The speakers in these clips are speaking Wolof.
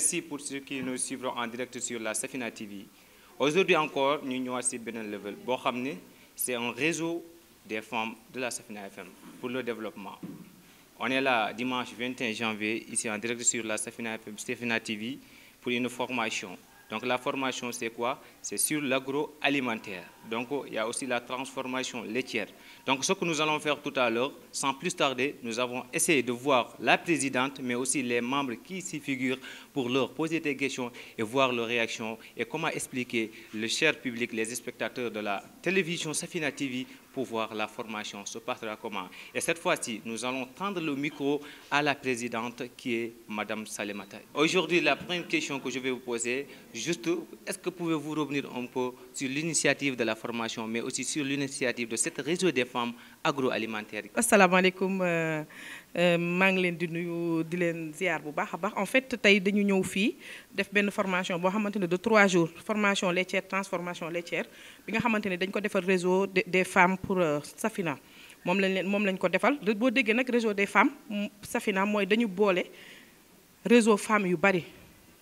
merci pour ceux qui nous suivront en direct sur la Safina TV aujourd'hui encore nous nous level c'est un réseau des femmes de la Safina FM pour le développement on est là dimanche 21 janvier ici en direct sur la Safina FM Safina TV pour une formation donc la formation c'est quoi c'est sur l'agroalimentaire donc il y a aussi la transformation laitière donc ce que nous allons faire tout à l'heure, sans plus tarder, nous avons essayé de voir la présidente, mais aussi les membres qui s'y figurent pour leur poser des questions et voir leur réactions et comment expliquer le cher public, les spectateurs de la télévision Safina TV pour voir la formation se passera comment. Et cette fois-ci, nous allons tendre le micro à la présidente qui est Madame Salemata. Aujourd'hui, la première question que je vais vous poser, juste, est-ce que pouvez-vous revenir un peu sur l'initiative de la formation, mais aussi sur l'initiative de cette réseau des femmes agroalimentaires. Assalamu alaikum, euh, euh, Manglin Dunuyu Dilen En fait, nous avons fait une formation de trois jours, formation laitière, transformation laitière. Nous avons fait un réseau des femmes pour euh, Safina. Nous lañ leen un lañ ko réseau des femmes Safina avons dañu un réseau femmes yu bari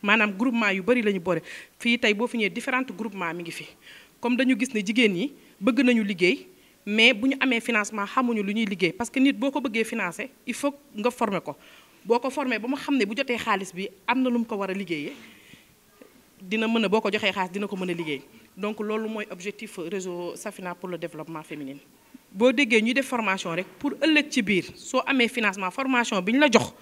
manam groupement yu bari lañu boré fi tay tey boo fi ñëwee différentes groupements mi ngi fi comme dañu gis ne jigéen ñi bëgg nañu liggéey mais buñu amé financement xamuñu lu ñuy liggéey parce que nit boko bëggé financer il faut nga former ko boko ko formé ba mu xam bu joté xaaliss bi amna na lu ko wara a dina mën boko joxé xaaliss dina ko mëna liggéey donc loolu mooy objectif réseau Safina pour le développement féminin bo déggé ñu def formation rek pour ëlëk ci biir soo amé financement formation biñ la jox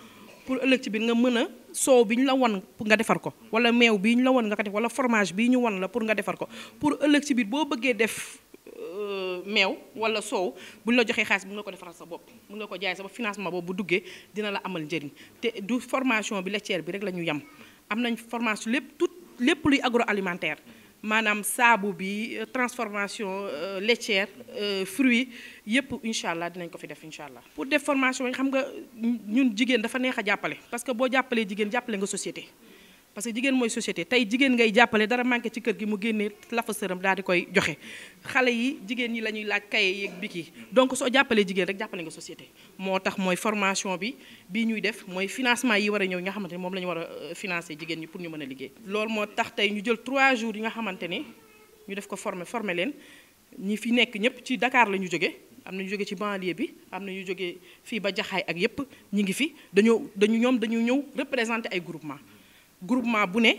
pour ëlëk ci bi nga mën a soow bi ñu la wan nga defar ko wala meew biñ la wan nga ko def wala fromage bi ñu wan la pour nga defar ko pour ëlëk ci biir boo bëggee def euh, meew wala soow bu la joxee xaalis mun nga ko defaral sa bopp mun nga ko jaay sa financement boobu bu duggee dina la amal njëriñ te du formation bi laitière bi rek la ñu yem am nañ formation lépp tout lépp luy agroalimentaire manam saabu bi euh, transformation euh, laitière euh, fruit yépp incha allah dinañ ko fi def incha pour def formation xam nga ñun jigen dafa neex jappalé parce que bo jappalé jigen jappalé nga société parce que jigéen moy société tay jigéen ngay jappalé dara manké ci kër gi mu génné la sëram daal di koy joxé xalé yi jigéen ñi la ñuy laaj kaye yeeg biki donc so jappalé jigéen rek jàppale nga société motax moy formation bi bi ñuy def moy financement yi wara ñëw nga xamante mom moom wara euh, financer jigéen ñi pour ñu mëna liggé lool loolu moo tax tey ñu jël 3 jours yi nga xamante ne ñu def ko former former leen ñi fi nekk ñëpp ci Dakar lañu joggé amna ñu joggé ci banlieue bi amna ñu joggé fi ba jaxay ak yépp ñi ngi fi dañu dañu ñom dañu ñëw représenter ay groupement groupement bu ne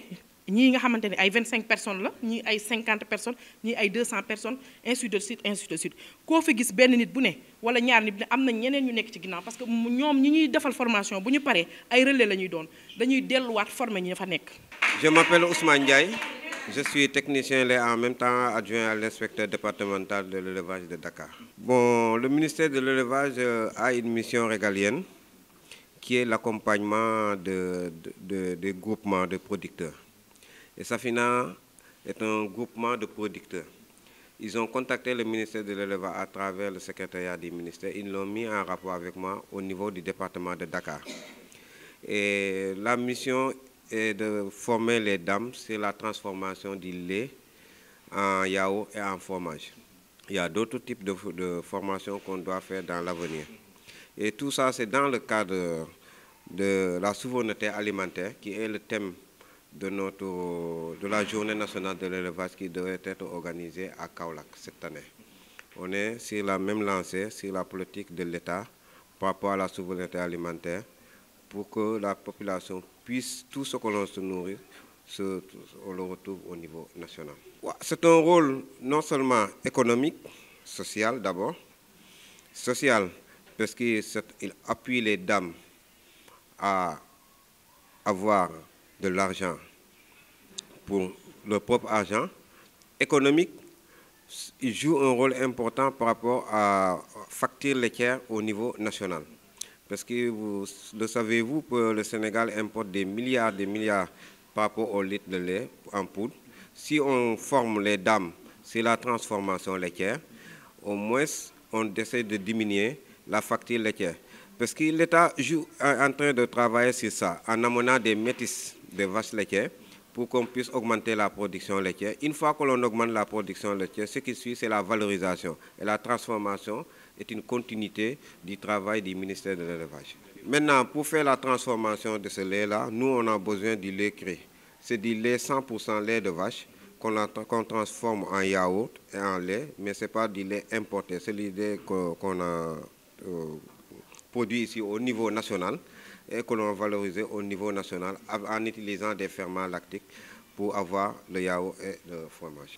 ñi nga xamanteni ay 25 personnes la ñi ay 50 personnes ñi ay 200 personnes ainsi de suite ainsi de suite ko fi gis ben nit bu ne wala ñaar nit bu am na ñeneen ñu nekk ci ginnaaw parce que ñoom ñi ñuy defal formation bu ñu paré ay relais la doon dañuy delluwaat former ñi dafa nekk. je m'appelle Ousmane Ndiaye je suis technicien lait en même temps adjoint à l'inspecteur départemental de l'élevage de Dakar. bon le ministère de l'élevage euh, a une mission régalienne qui est l'accompagnement de, groupements de producteurs. Et Safina est un groupement de producteurs. Ils ont contacté le ministère de l'Élevage à travers le secrétariat du ministère. Ils l'ont mis en rapport avec moi au niveau du département de Dakar. Et la mission est de former les dames sur la transformation du lait en yaourt et en fromage. Il y a d'autres types de formations qu'on doit faire dans l'avenir. Et tout ça, c'est dans le cadre de la souveraineté alimentaire, qui est le thème de, la journée nationale de l'élevage qui devrait être organisée à Kaulak cette année. On est sur la même lancée, sur la politique de l'État par rapport à la souveraineté alimentaire, pour que la population puisse, tout ce que l'on se nourrit, on le retrouve au niveau national. C'est un rôle non seulement économique, social d'abord, social parce qu'il appuie les dames à avoir de l'argent pour leur propre argent économique. Il joue un rôle important par rapport à facture laitière au niveau national. Parce que vous le savez-vous, le Sénégal importe des milliards des milliards par rapport au litre de lait en poudre. Si on forme les dames, c'est la transformation laitière. Au moins, on essaie de diminuer la facture laitière. Parce que l'État est en train de travailler sur ça, en amenant des métisses de vaches laitières pour qu'on puisse augmenter la production laitière. Une fois que l'on augmente la production laitière, ce qui suit, c'est la valorisation. Et la transformation est une continuité du travail du ministère de l'élevage. Maintenant, pour faire la transformation de ce lait-là, nous, on a besoin du lait créé. C'est du lait 100% lait de vache qu'on qu'on transforme en yaourt et en lait, mais ce n'est pas du lait importé, c'est l'idée qu'on a euh, produits ici au niveau national et que l'on valoriser au niveau national en utilisant des ferments lactiques pour avoir le yaourt et le fromage.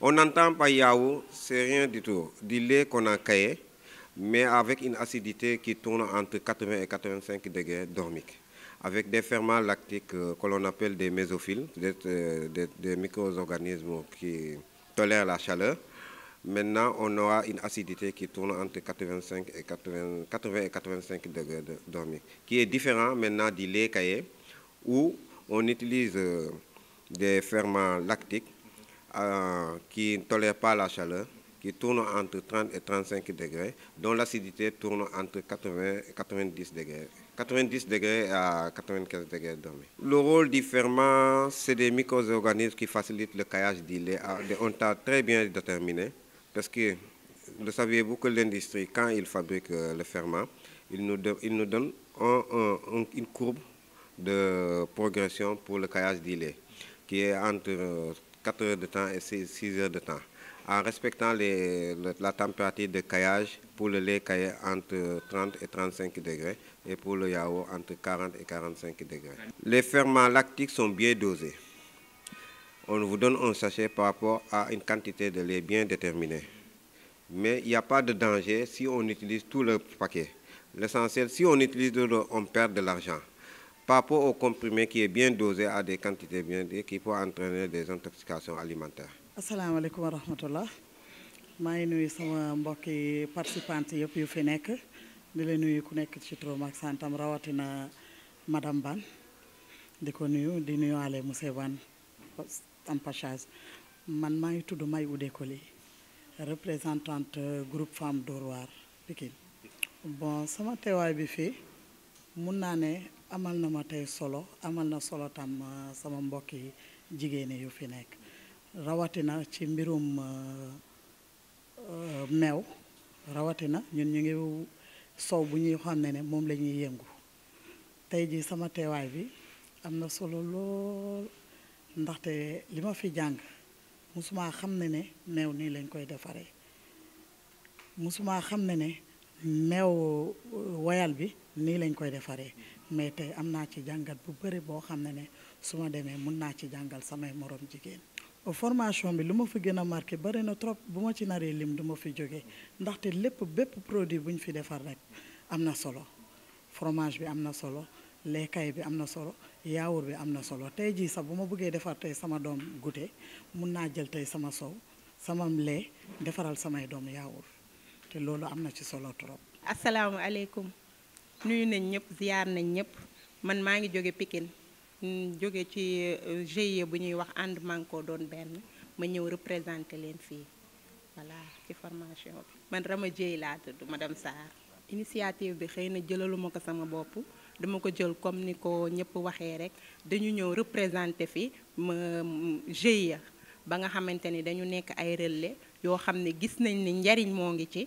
On n'entend pas yaourt, c'est rien du tout, du lait qu'on a caillé, mais avec une acidité qui tourne entre 80 et 85 degrés dormique avec des ferments lactiques euh, que l'on appelle des mésophiles, euh, des micro-organismes qui tolèrent la chaleur. Maintenant, on aura une acidité qui tourne entre 85 et 80, et 85 degrés de, qui est différent maintenant du lait caillé, où on utilise euh, des ferments lactiques euh, qui ne tolèrent pas la chaleur, qui tournent entre 30 et 35 degrés, dont l'acidité tourne entre 80 et 90 degrés. 90 degrés à 95 degrés Le rôle du ferment, c'est des micro-organismes qui facilitent le caillage du lait. On t'a très bien déterminé. Parce que, le saviez-vous que l'industrie, quand il fabrique euh, le ferment, il nous, donne une courbe de progression pour le caillage du lait, qui est entre 4 euh, heures de temps et 6 heures de temps. En respectant la température de caillage, pour le lait caillé entre 30 et 35 degrés et pour le yaourt entre 40 et 45 degrés. Les ferments lactiques sont bien dosés on vous donne un sachet par rapport à une quantité de lait bien déterminée. Mais il n'y a pas de danger si on utilise tout le paquet. L'essentiel, si on utilise, on perd de l'argent. Par rapport au comprimé qui est bien dosé à des quantités bien qui peut entraîner des intoxications alimentaires. Assalamu alaikum wa rahmatullah. maa ngi nuyu sama mbokki qui yëpp yu fi nekk di la nuyu ku nekk ci turam ak santam rawatina madame Ban de connu, nuyu di nuyuwaale monsieur Ampachage man maa ngi tudd May Oudé Koli représentante groupe femme Dóor waar bon sama teewaay bi fii mun naa ne amal na ma tey solo amal na solo tam euh, sama mbokki jigéen yu fi nekk rawatina ci mbirum euh, euh, meew rawatina ñun ñu ngi sow bu ñuy xam ne ne moom la ñuy yëngu tey jii sama teewaay bi am na solo lool ndaxte li ma fi jàng musuma xam ne ne meew nii lañ koy defaree musuma xam ne ne meew euh, woyal bi nii lañ koy defaree mais tey am naa ci jàngat bu bëri boo xam ne ne su ma demee mun naa ci jàngal samay morom jigéen formation bi lu ma fi gën a marqué bëri na trop bu ma ci naree lim du ma fi jógee ndaxte lépp bépp produit bu ñu fi defar rek am na solo fromage bi am na solo lekkay bi am na solo yaawur bi am na solo tey jii sax bu ma buggee defar tey sama doom goûter mun naa jël tey sama sow sama lee defaral samay doom yaawur te loolu am na ci solo trop. asalaamaaleykum nuyu nañ ñëpp ziyaar nañ ñëpp man maa ngi jóge pikin mm, jóge ci euh, GIE bu ñuy wax ànd manko doon benn ma ñëw représenté leen fii voilà ci formation bi man Rama Dieye laa tudd madame Sarr initiative bi xëy na jëlaluma ko sama bopp. dama ko jël comme ni ko ñëpp waxee rek dañu ñëw représenté fi ma GIE ba nga xamante ni dañu nekk ay relais yoo xam ne gis nañ ne njariñ moo ngi ci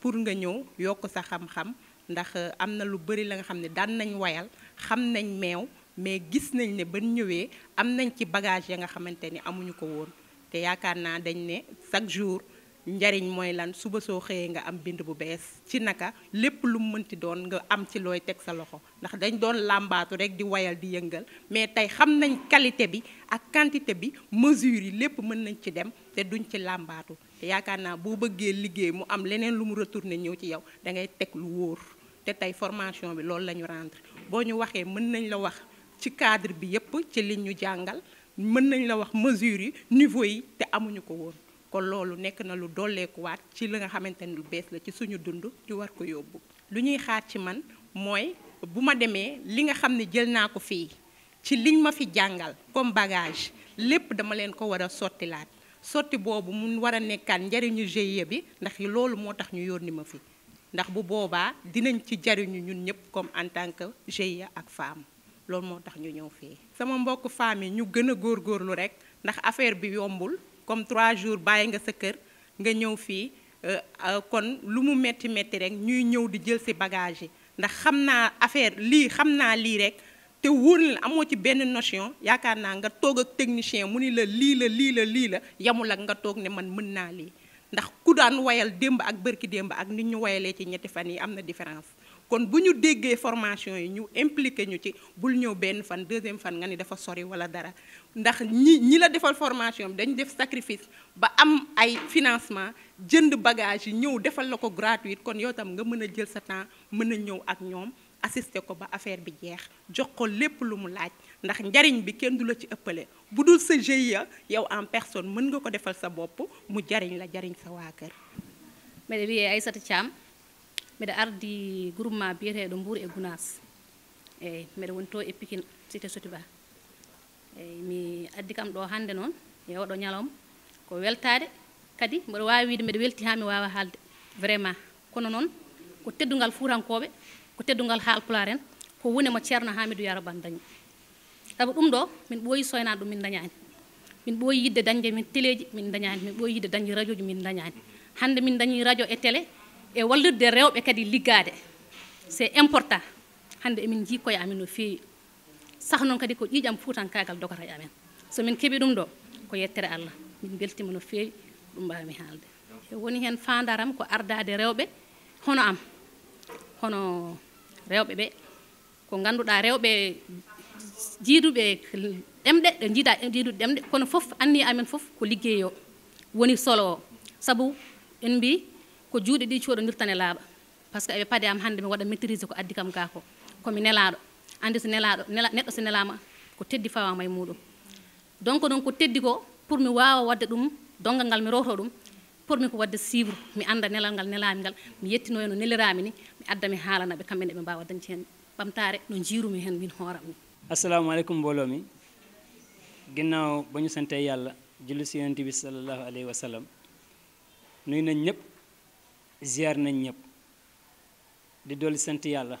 pour nga ñëw yokk sa xam-xam ndax euh, am na lu bëri la nga xam ne daan nañ woyal xam nañ meew mais gis nañ ne ban ñëwee am nañ ci bagage ya nga xamante ni amuñu ko woon te yaakaar naa dañ ne chaque jour njariñ mooy lan suba soo xëyee nga am bind bu bees ci naka lépp lu mu mënti doon nga am ci looy teg sa loxo ndax dañ doon làmbaatu rek di woyal di yëngal mais tey xam nañ qualité bi ak quantité bi mesure yi lépp mën nañ ci dem te duñ ci làmbaatu te yaakaar naa boo bëggee liggéey mu am leneen lu mu retourné ñëw ci yow dangay teg lu wóor te tey formation bi loolu lañu ñu boo ñu waxee mën nañ la wax ci cadre bi yépp ci li ñu jàngal mën nañ la wax mesure yi niveau yi te amuñu ko woon kon loolu nekk na lu dolleekuwaat ci li nga xamante ni lu bees la ci suñu dund ñu war ko yóbbu lu ñuy xaar ci man mooy bu ma demee li nga xam ne jël naa ko fii ci liñ ma fi jàngal comme bagage lépp dama leen ko war a sottilaat sotti boobu mu war a nekkaat njariñu GIE bi ndax loolu moo tax ñu yónni ma fi ndax bu boobaa dinañ ci jariñu ñun ñëpp comme en tant que GIE ak femme loolu moo tax ñu ñëw fii sama mbokk femme yi ñu gën a góorlu rek ndax affaire bi yombul comme trois jours baye nga sa kër nga ñëw fi euh, euh, kon lu mu metti metti rek ñuy ñëw di jël affaire te wóor na amoo ci notion yaakaar naa nga toog ak technicien mu ni la la lii yamul ak nga toog ne man ndax ku daan wayal ak barki démb fan am na différence kon bu ñu déggee formation yi ñu impliqué ñu ci bul ñëw benn fan deuxième fan nga ni dafa sori wala dara ndax ñi ñi la defal formation bi dañu def sacrifice ba am ay financement jënd bagage yi ñëw defal la ko gratuite kon yow tam nga mën a jël sa temps mën a ñëw ak ñoom assister ko ba affaire bi jeex jox ko lépp lu mu laaj ndax njariñ bi kenn du la ci ëppale bu dul sa GIE yow en personne mën nga ko defal sa bopp mu jariñ la jariñ sa waa kër. Aïssata Thiam mbiɗa ardi groupement biyeteɗo mbour e gounas eyyi mbiɗa woni to e pikin cité sotiba eyyi mi addi kam ɗo hande noon e oɗo ñalawma ko weltade kadi mboɗo wawi wide mbiɗa welti ha mi wawa haalde vraiment kono noon ko teddugal fuurankoɓe ko teddugal haalpular en ko woni mo ceerno hamidou yaroban daña saabu ɗum ɗo min ɓooyi soynade ɗum min dañani min ɓooyi yidde dañde min téléji min dañani min ɓooyi yidde dañde radio ji min dañani hande min dañi radio e télé e wallirde rewɓe kadi liggade c'est important hande emin jikkoye amin no fewi saha noon kadi ko ƴiƴam fuutankagal dogata e amen somin keeɓi ɗum ɗo ko yettere allah min beltima no fewi ɗum mbawmi haalde e woni hen fandaram ko ardade rewɓe hono am hono rewɓe ɓe ko ganduɗa rewɓe jiiduɓe ɗemɗe ɗe jiida jiiduɗe ɗemɗe kono foof anni amen foof ko liggeeyo woni solo o saabu en mbi ko juuɗe ɗi coɗodirtane laaɓa par ce que eɓe paade am hannde mi waɗa maitrise ko addi kam ga ko komi nelaaɗo andi so nelaaɗo neɗɗo so nelaama ko teddi fawama e muɗum donc noon ko teddi ko pour mi waawa wadde ɗum dongal ngal mi rowto ɗum pour mi ko wadde suivre mi annda nelal ngal nelaami ngal mi yettinoyo e no nelirami ni mi adda mi haalanaɓe kamɓe nde ɓe mbawa dañci hen ɓamtare no jiirumi hen min hooram ni assalamu aleykum mbolomi ginnaw bañu santee yallah julli si yonantibi salallahu aleyhi wa sallam nuyno ñëpp ziar nañ ñëpp di dolli sant yàlla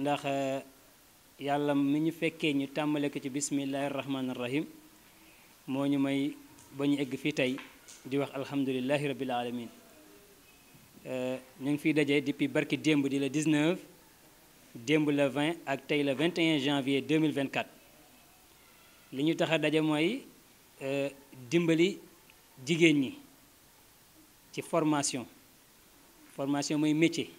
ndax eh, yàlla mi ñu fekkee ñu tàmbale ko ci bismillahi rahmaani rahim moo ñu may ba ñu egg fii tey di wax alhamdulilahi rabbil alamin eh, ñu ngi fiy dajee depuis barki démb di la 19 démb la vingt ak tey la 21 janvier 2024 li ñu tax a daje mooy eh, dimbali jigéen ñi ci formation formation mooy métier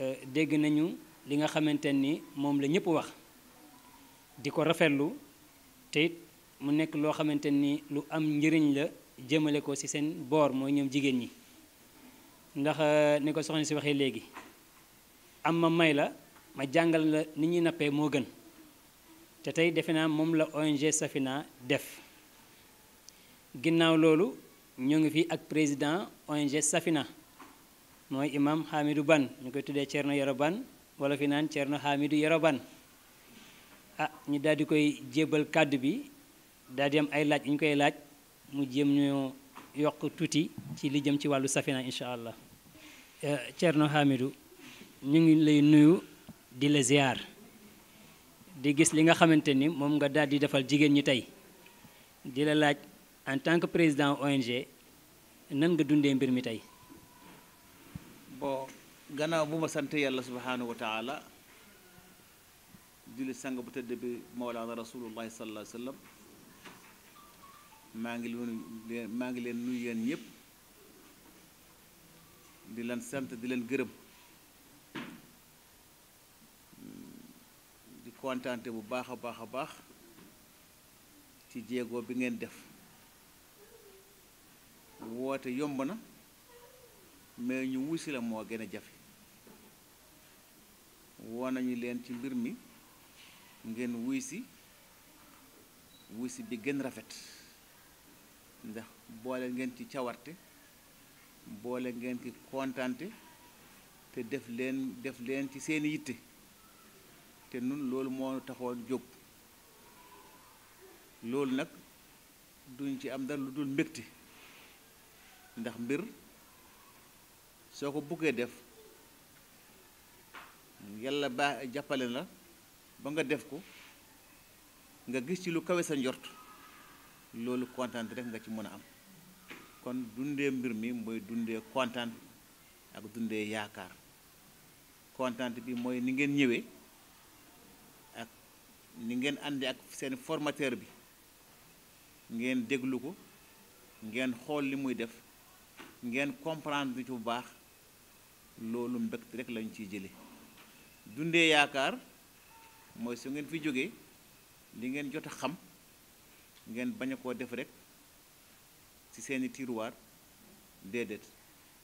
euh, dégg nañu li nga xamante ni moom la ñëpp wax di ko rafetlu te it mu nekk loo xamante ni lu am njëriñ la jëmale ko ci seen boor mooy ñoom jigéen ñi ndax euh, ne ko soxna si waxee léegi am ma may la ma jàngal la ni ñuy nappee moo gën te tey defe naa moom la ONG Safina def ginnaaw loolu ñoo ngi fii ak président ONG Safina mooy imam Hamidou Ban ñu koy tuddee Thierno Yoro Ban wala fi naan Thierno Hamidou Yoro Ban ah ñu daal di koy jébbal kàddu bi daal di am ay laaj yu ñu koy laaj mu jéem ñu yokk tuuti ci li jëm ci wàllu safina incha allah eh, Thierno Hamidou ñu ngi lay nuyu di la ziar di gis li nga xamante ni moom nga daal di defal jigéen ñi tey di la laaj en tant que président ONG nan nga dundee mbir mi tey bon gannaaw bu ma sant yàlla subhanahu wa taala julli sang bu tëdd bi mawlaana rasulullahi sallallahu alayhi wa sallam maa ngi leen maa ngi leen nuyu yéen ñëpp di leen sant di leen gërëm di kontaante bu baax a baax a baax ci jéego bi ngeen def woote yomb na mais ñu wusi la moo gën a jafe woo nañu leen ci mbir mi ngeen wuy si wuy si bi gën rafet ndax boole ngeen ci cawarte boole ngeen ci kontante te def leen def leen ci seeni yitte te nun loolu moo taxoon jóg loolu nag duñ ci am dara lu dul mbégte ndax mbir soko ko def yalla ba jappale la ba nga def ko nga gis ci lu kawé sa njort loolu contente rek nga ci mëna am kon dundé mbir mi moy dundé contente ak dundé yaakar contente bi moy ni ngeen ñëwé ak ni ngeen àndi ak seen formateur bi ngeen déglu ko ngeen xol li muy def ngeen comprendre ci bu baax loolu mbégte rekk lañ ciy jële dundee yaakaar mooy su ngeen fi jógee li ngeen jot a xam ngeen bañ a koo def rek ci seeni tiroir déedéet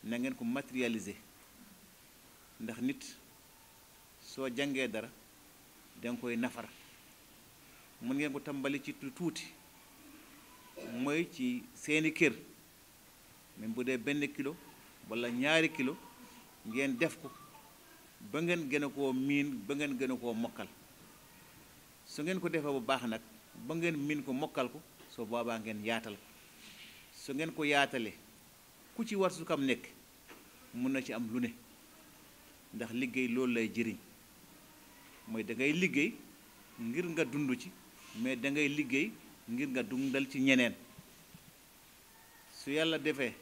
na ngeen ko matérialiser ndax nit soo jàngee dara danga koy nafar mën ngeen ko tàmbali ci tuuti mooy ci seeni kër même bu dee benn kilo walla ñaari kilo ngeen def ko ba ngeen gën a koo miin ba ngeen gën a koo mokkal su ngeen ko defee bu baax nag ba ngeen miin ko mokkal ko soo boobaa ngeen yaatal ko su ngeen ko yaatalee ku ci war su kam nekk mun na ci am lu ne ndax liggéey loolu lay jëriñ mooy dangay liggéey ngir nga dund ci mais da ngay liggéey ngir nga dundal ci ñeneen su yàlla defee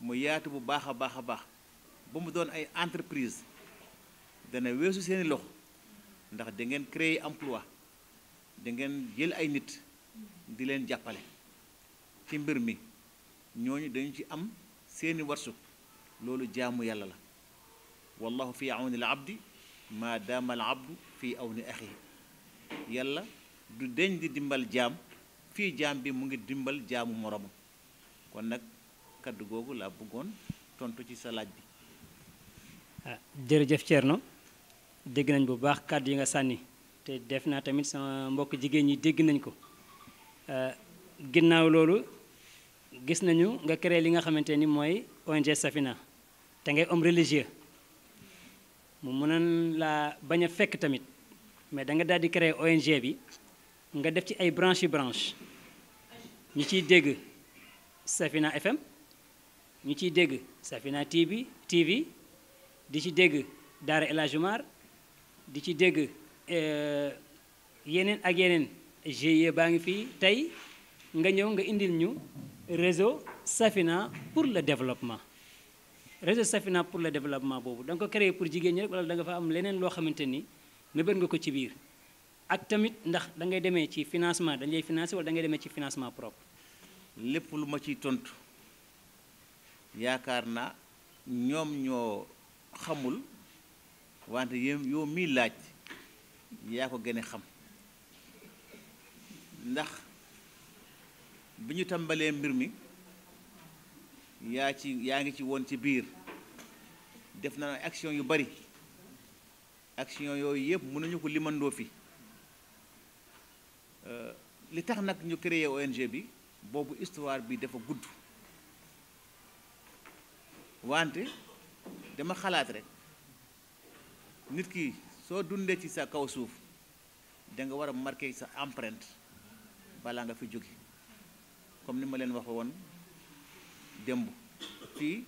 mu yaatu bu baax a baax a baax bu mu doon ay entreprise dana weesu seeni lox ndax da ngeen créer emploi da ngeen jël ay nit di leen jàppale ci mbir mi ñooñu dañ ci am seeni warsu loolu jaamu yàlla la wallahu fi auni al abdi ma dama al abdu fi auni axi yàlla du deñ di dimbal jaam fii jaam bi mu ngi dimbal jaamu moromam kon nag kaddu googu laa bëggoon tontu ci sa bi jërëjëf Thierno dégg nañ bu baax kàddu yi nga sànni te def naa tamit sama mbokk jigéen ñi dégg nañ ko euh, ginnaaw loolu gis nañu nga créé li nga xamante ni mooy ONG Safina te ngay om religieux mu mënoon laa bañ a fekk tamit mais da nga daal di créé ONG bi nga def ci ay branche yu branche ñu ciy dégg Safina FM ñu ciy dégg Safina TV TV di ci dégg daara El Hadj di ci dégg eh, yeneen ak yeneen GIE baa ngi fii tey nga ñëw nga indil ñu réseau Safina pour le développement réseau Safina pour le développement boobu da nga ko créé pour jigéen ñi rek wala da nga fa am leneen loo xamante ni mébét nga ko ci biir ak tamit ndax da ngay demee ci financement dañ lay financer wala da ngay demee ci financement propre. lépp lu ma ciy tontu yaakaar naa ñoo. xamul wante yéen yow mii laaj yaa ko gën a xam ndax bi ñu tàmbalee mbir mi yaa ci yaa ngi ci woon ci biir def na action yu bari action yooyu yëpp nañu ko limandoo fi euh, li tax nag ñu créé ONG bi boobu histoire bi dafa gudd wante dama xalaat rek nit ki soo dundee ci sa kaw suuf da nga war a marqué sa empreinte balaa nga fi jóge comme ni ma leen waxe woon démb fii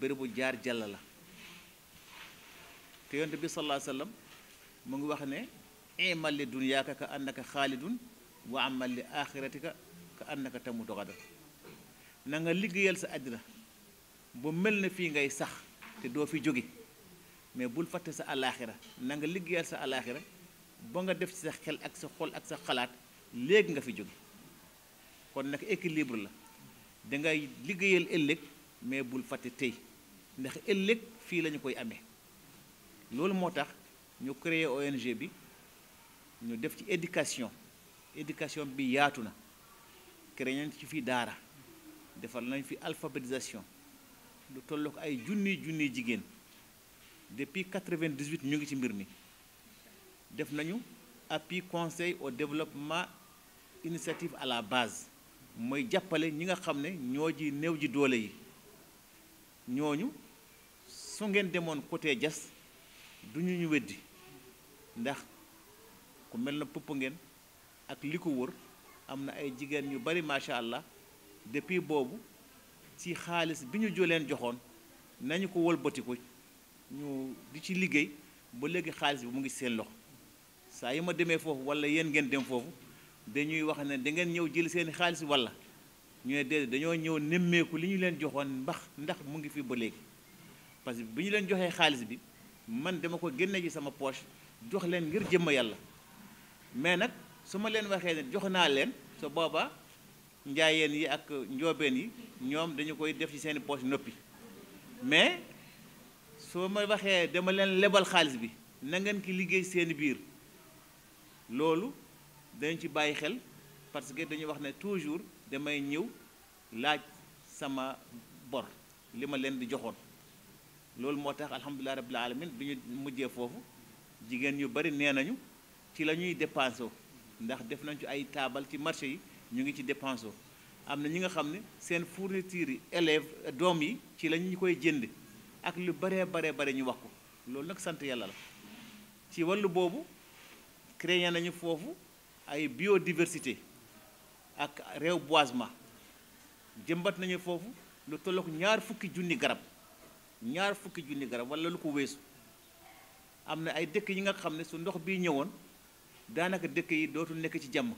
bérébu jaar jàll la te yonte bi sallallahu alayhi wasallam mu ngi wax ne imal li dunyaaka ka annaka xaalidun wa amal li axiratika ka annaka tamutu gadan na nga liggéeyal sa àddina bu mel na fii ngay sax te doo fi jóge mais bul fàtte sa alaaxira nanga nga liggéeyal sa alaaxira ba nga def ci sa xel ak sa xol ak sa xalaat léegi nga fi jóge kon nag équilibre la dangay liggéeyal ëllëg mais bul fàtte tey ndax ëllëg fii lañu koy amee loolu moo tax ñu créer ONG bi ñu def ci éducation éducation bi yaatu na créer nañ ci fii daara defal nañu fi alphabétisation lu tolloo ko ay junni junni jigéen depuis 98 ñu ngi ci mbir mi def nañu appui conseil au développement initiative à la base mooy jàppale ñi nga xam ne ñoo ji néew ji doole yi ñooñu su ngeen demoon côté jas du ñu ñu weddi ndax ku mel na pëpp ngeen ak li am na ay jigéen ñu bari macha allah depuis boobu ci xaalis bi ñu joleen joxoon nañu ko wëlbatiku ñu di ci liggéey ba léegi xaalis bi mu ngi seen loxo saa yi ma demee foofu wala yéen ngeen dem foofu dañuy wax ne da ngeen ñëw jël seen xaalis wala ñu ne dañoo ñëw nemmeeku li ñu leen joxoon mbax ndax mu ngi fi ba léegi parce que bi ñu leen joxee xaalis bi man dama ko génne ci sama poche jox leen ngir jëmm yàlla mais nag su ma leen waxee ne jox naa leen su boobaa njaayeen yi ak njoobeen yi ñoom dañu koy def ci seeni poche noppi mais soo ma waxee dama leen lebal xaalis bi na ngeen ki liggéey seeni biir loolu dañu ci bàyyi xel parce que dañuy wax ne toujours damay ñëw laaj sama bor li ma leen di joxoon loolu moo tax alhamdulilah rabbil alamin bi ñu mujjee foofu jigéen ñu bari nee nañu ci la ñuy dépensé ndax def nañ ci ay taabal ci marché yi ñu ngi ci dépensé am na ñi nga xam ne seen fourniture yi élèves doom yi ci lañ ñu koy jënd ak lu baree baree bare ñu wax ko loolu nag sant yàlla la ci wàllu boobu créé nañu foofu ay biodiversité ak réew boisement jëmbat nañu foofu lu tollook ñaar fukki junni garab ñaar fukki junni garab walla lu ko weesu am na ay dëkk yi nga xam ne su ndox bii ñëwoon daanaka dëkk yi dootul nekk ci jàmm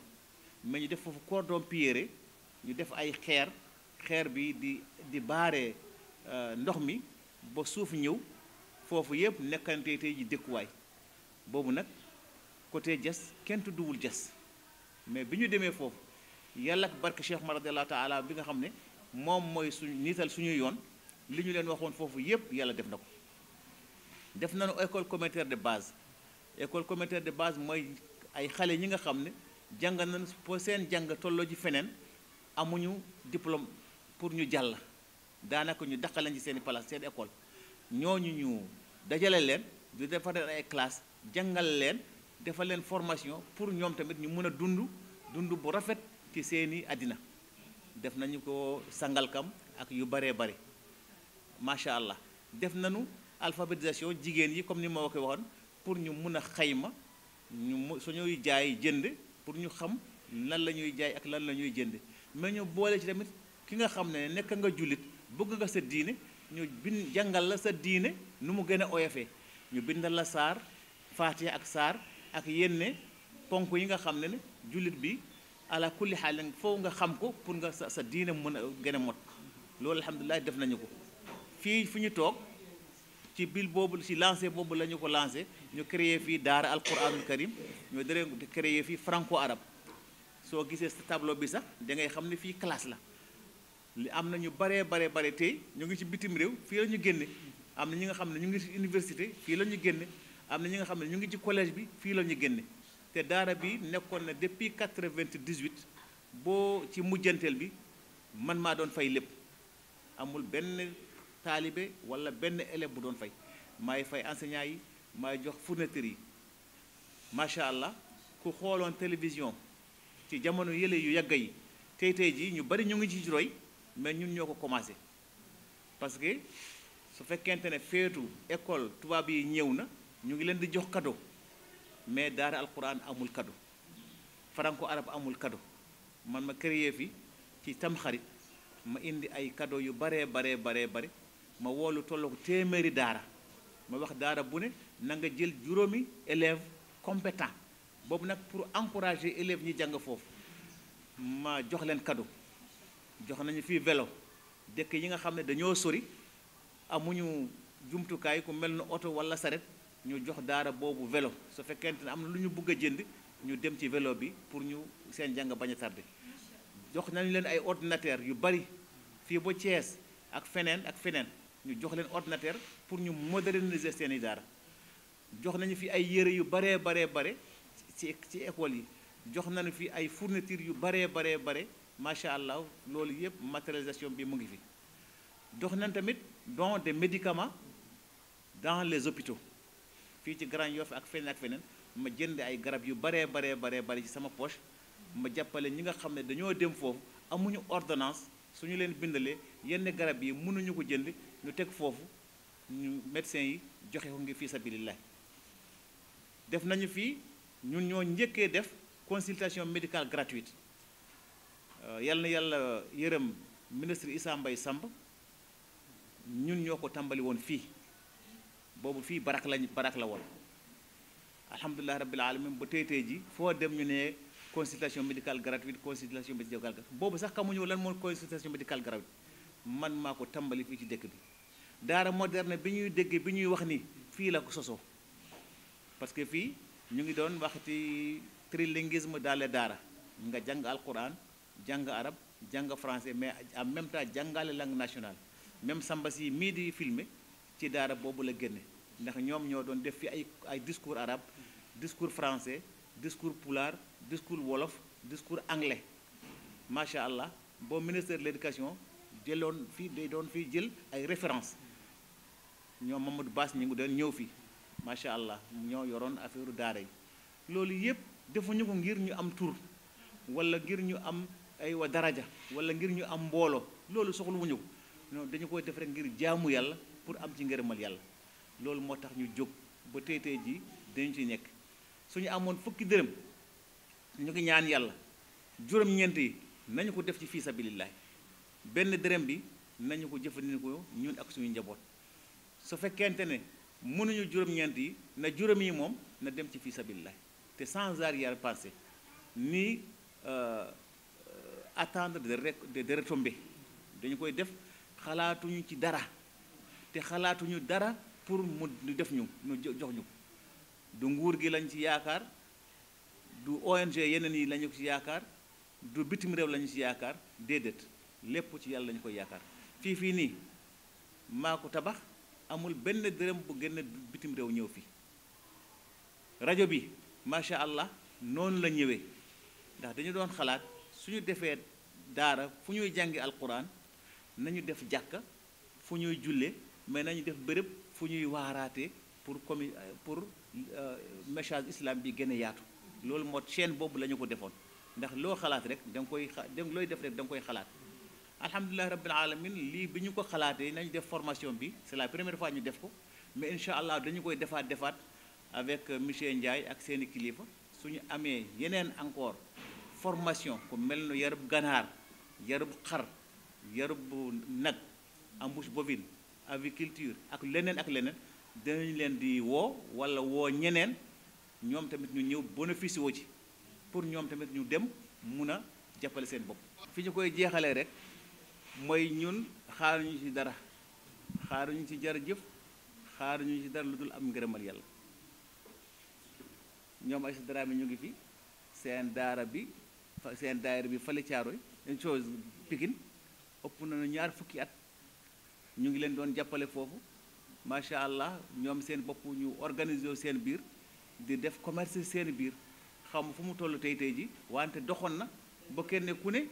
mais ñu def foofu cordon pierreux ñu def ay xeer xeer bi di di baaree euh, ndox mi ba suuf ñëw foofu yépp nekkante tey ji dëkkuwaay boobu nag côté jas kent tudduwul jas mais bi ñu demee foofu yàlla ak barke Cheikh Umar radiyallahu taala bi nga xam ne moom mooy suñu niital suñu yoon li ñu leen waxoon foofu yépp yàlla def na ko def nañu école communautaire de base école communautaire de base mooy ay xale ñi nga xam ne jàng nañu po seen jàng tolloo ji feneen amuñu diplôme pour ñu jàll daanaka ñu daq ci seen i place seen école ñooñu ñu dajale leen du defar leen ay classe jàngal leen defal leen formation pour ñoom tamit ñu mën a dund dund bu rafet ci seeni àddina def nañu ko sangalkam ak yu baree bare macha allah def nañu alphabétisation jigéen yi comme ni ma ko waxoon pour ñu mun a xayma ñu suñuy jaay jënd pour ñu xam lan la ñuy jaay ak lan la ñuy jënd mais ñu boole ci tamit ki nga xam ne nekk nga jullit bëgg nga sa diine ñu bind jàngal la sa diine nu mu gën a oyofee ñu bindal la saar faatiha ak saar ak yenn ponk yi nga xam ne ne jullit bi ala kulli xaal foofu nga xam ko pour nga sa sa diine mën a gën a mot loolu alhamdulilah def nañu ko fii fu ñu toog ci bil boobu ci lancé boobu la ñu ko lancé ñu créer fii daara alquranul karim ñu dere créé fii franco arab soo gisee sa tableau bi sax da ngay xam ne fii classe la li am na ñu bare bare bare tey ñu ngi ci bitim réew fii la ñu génne am na ñi nga xam ne ñu ngi ci université fii la ñu génne am na ñi nga xam ne ñu ngi ci collège bi fii la ñu génne te daara bi nekkoon na depuis 98 boo ci mujjanteel bi man maa doon fay lépp amul benn taalibe wala benn élève bu doon fay maay fay enseignant yi maay jox fournitures yi macha allah ku xooloon télévision ci jamono yële yu yàgg yi tey tey jii ñu bari ñu ngi ci roy mais ñun ñoo ko commencé parce que su fekkente ne feetu école tubaab yi ñëw na ñu ngi leen di jox cadeau mais daara alquran amul cadeau franco arab amul cadeau man ma créer fi ci tamxarit ma indi ay cadeau yu baree baree baree bare ma woolu tolloo ko téeméeri daara ma wax daara bu ne na nga jël juróomi élève compétent boobu nag pour encourager élèves ñi jàng foofu ma jox leen cadeau jox nañu fi vélo dëkk yi nga xam ne dañoo sori amuñu jumtukaay ku mel na oto wala saret ñu jox daara boobu velo su fekkente ne am na lu ñu bugg a jënd ñu dem ci vélo bi pour ñu seen jàng bañ a jox nañu leen ay ordinateur yu bari fii ba Thiès ak feneen ak feneen ñu jox leen ordinateur pour ñu moderniser seen i daara jox nañu fi ay yére yu baree baree bare ci ci école yi jox nañu fi ay fournitures yu baree baree bare macha allah loolu yëpp matérialisation bi mu ngi fi dox nañ tamit don des médicament dans les hôpitaux fii ci Grand Yoff ak feneen ak feneen ma jënd ay garab yu baree baree baree bare ci sama poche ma jàppale ñi nga xam ne dañoo dem foofu amuñu ordonnance suñu leen bindalee yenn garab yi mënuñu ko jënd ñu teg foofu ñu médecin yi joxe ko ngi fii sabilillah def nañu fii ñun ñoo njëkkee def consultation médicale gratuite euh, yal na yàlla yërëm ministre Issa Mbaye Samb ñun ñoo ko tàmbali woon fii boobu fii barak lañ barak la woon alhamdulilah rabbil alamin ba tey tey ji foo dem ñu ne consultation médicale gratuite consultation médicale boobu sax xamuñu lan mooy consultation médicale gratuite man maa ko tàmbali fii ci dëkk bi daara moderne bi ñuy dégg bi ñuy wax ni fii la ko sosoo parce que fii ñu ngi doon wax ci trilinguisme dans les daara nga jàng alquran jàng arab jàng français mais am même temps jàngale langue nationale même samba si mii di filmer ci daara boobu la génne ndax ñoom ñoo doon def fi ay ay discours arabe discours français discours pulaar discours wolof discours anglais macha allah boo ministère de l'éducation jëloon fii day doon fii jël ay références ñoom Mamadou baas ñu ngi doon ñëw fii macha allah ñoo yoroon affaire daara yi loolu yëpp defuñu ko ngir ñu am tur walla ngir ñu am ay wa daraja wala ngir ñu am mbooloo loolu soxluwuñu ko non dañu koy def rek ngir jaamu yàlla pour am ci ngërëmal yàlla loolu moo tax ñu jóg ba tey tey jii dañu ci nekk suñu amoon fukki dërëm ñu ngi ñaan yàlla juróom-ñeent yi nañu ko def ci fii sabilillahi benn dërëm bi nañu ko jëfandikoo ñun ak suñu njaboot su fekkente ne mënuñu juróom-ñeent yi na juróom yi moom na dem ci fi sabilillah te sans arrière pensée ni euh, euh, attendre de de retombées dañu koy def xalaatuñu ci dara te xalaatuñu dara pour mu def ñu ñu jox ñu du nguur gi lañ ci yaakaar du ONG yeneen yi lañu ci yaakaar du bitim réew lañu ci yaakaar déedéet lépp ci yàlla lañu koy yaakaar fii fii nii maa tabax amul benn dërëm bu génn bitim réew ñëw fii rajo bi macha allah noonu la ñëwee ndax dañu doon xalaat suñu defee daara fu ñuy jàngi alquran nañu def jàkka fu ñuy julle mais nañu def bërëb fu ñuy waaraate pour commu pour euh, message islam bi gën a yaatu loolu moo chaîne boobu la ñu ko defoon ndax loo xalaat rek da koy xa looy def rek da nga koy xalaat alhamdulilah rabbil alamin lii bi ñu ko xalaatee nañu def formation bi c'est la première fois ñu def ko mais incha allah dañu koy defaat defaat avec euh, monsieur Ndiaye ak seeni kilifa suñu amee yeneen encore formation ku mel ni yarub ganaar yarub xar yarub nag embouche bovine culture ak leneen ak leneen dinañ leen di woo wala woo ñeneen ñoom tamit ñu ñëw bénéfice woo ci pour ñoom tamit ñu dem mun a jàppale seen bopp fi ñu koy jeexalee rek mooy ñun xaaruñu ci dara xaar ñu ci jërëjëf xaaruñu ci dara lu dul am ngërëmal yàlla ñoom ay si dara bi ñu ngi fi seen daara bi seen daayira bi fale caaroy une chose Pikine ëpp na ñaar fukki at ñu ngi leen doon jàppale foofu macha allah ñoom seen bopp ñu organiser seen biir di def commerce seen biir xam fu mu toll tey tey ji wante doxoon na ba kenn ku ne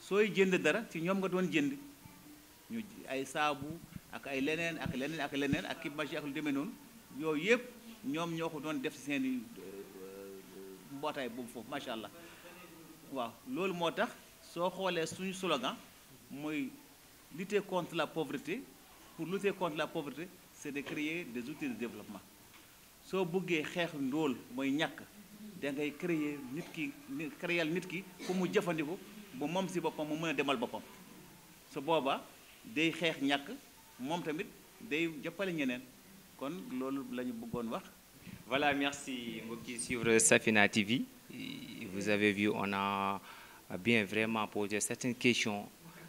Soi jënd dara ci ñoom nga doon jënd ñu ay saabu ak ay leneen ak leneen ak leneen ak ki magie ak lu demee noonu yooyu yëpp ñoom ñoo ko doon def seen i euh, mbootaay boobu foofu macha allah waaw loolu moo tax soo xoolee suñu slogan mooy lutter contre la pauvreté pour lutter contre la pauvreté c'est de créer des outils de développement soo bëggee xeex ndóol mooy ñàkk da ngay créer nit ki créer nit ki pour mu jëfandiku si demal voilà merci mbokki suivre Safina TV vous avez vu on a bien vraiment posé certaines questions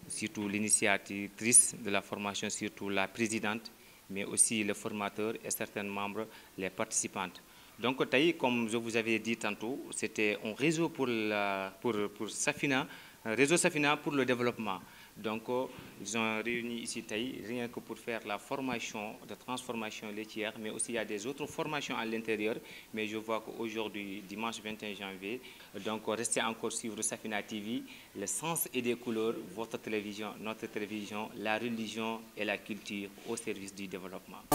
surtout l'initiatrice de la formation surtout la présidente mais aussi le formateur et certains membres les participantes. Donc, comme je vous avais dit tantôt, c'était un réseau pour, pour Safina, Réseau Safina pour le développement. Donc, euh, ils ont réuni ici Taï, rien que pour faire la formation de transformation laitière, mais aussi il y a des autres formations à l'intérieur. Mais je vois qu'aujourd'hui, dimanche 21 janvier, donc restez encore suivre Safina TV, le sens et des couleurs, votre télévision, notre télévision, la religion et la culture au service du développement.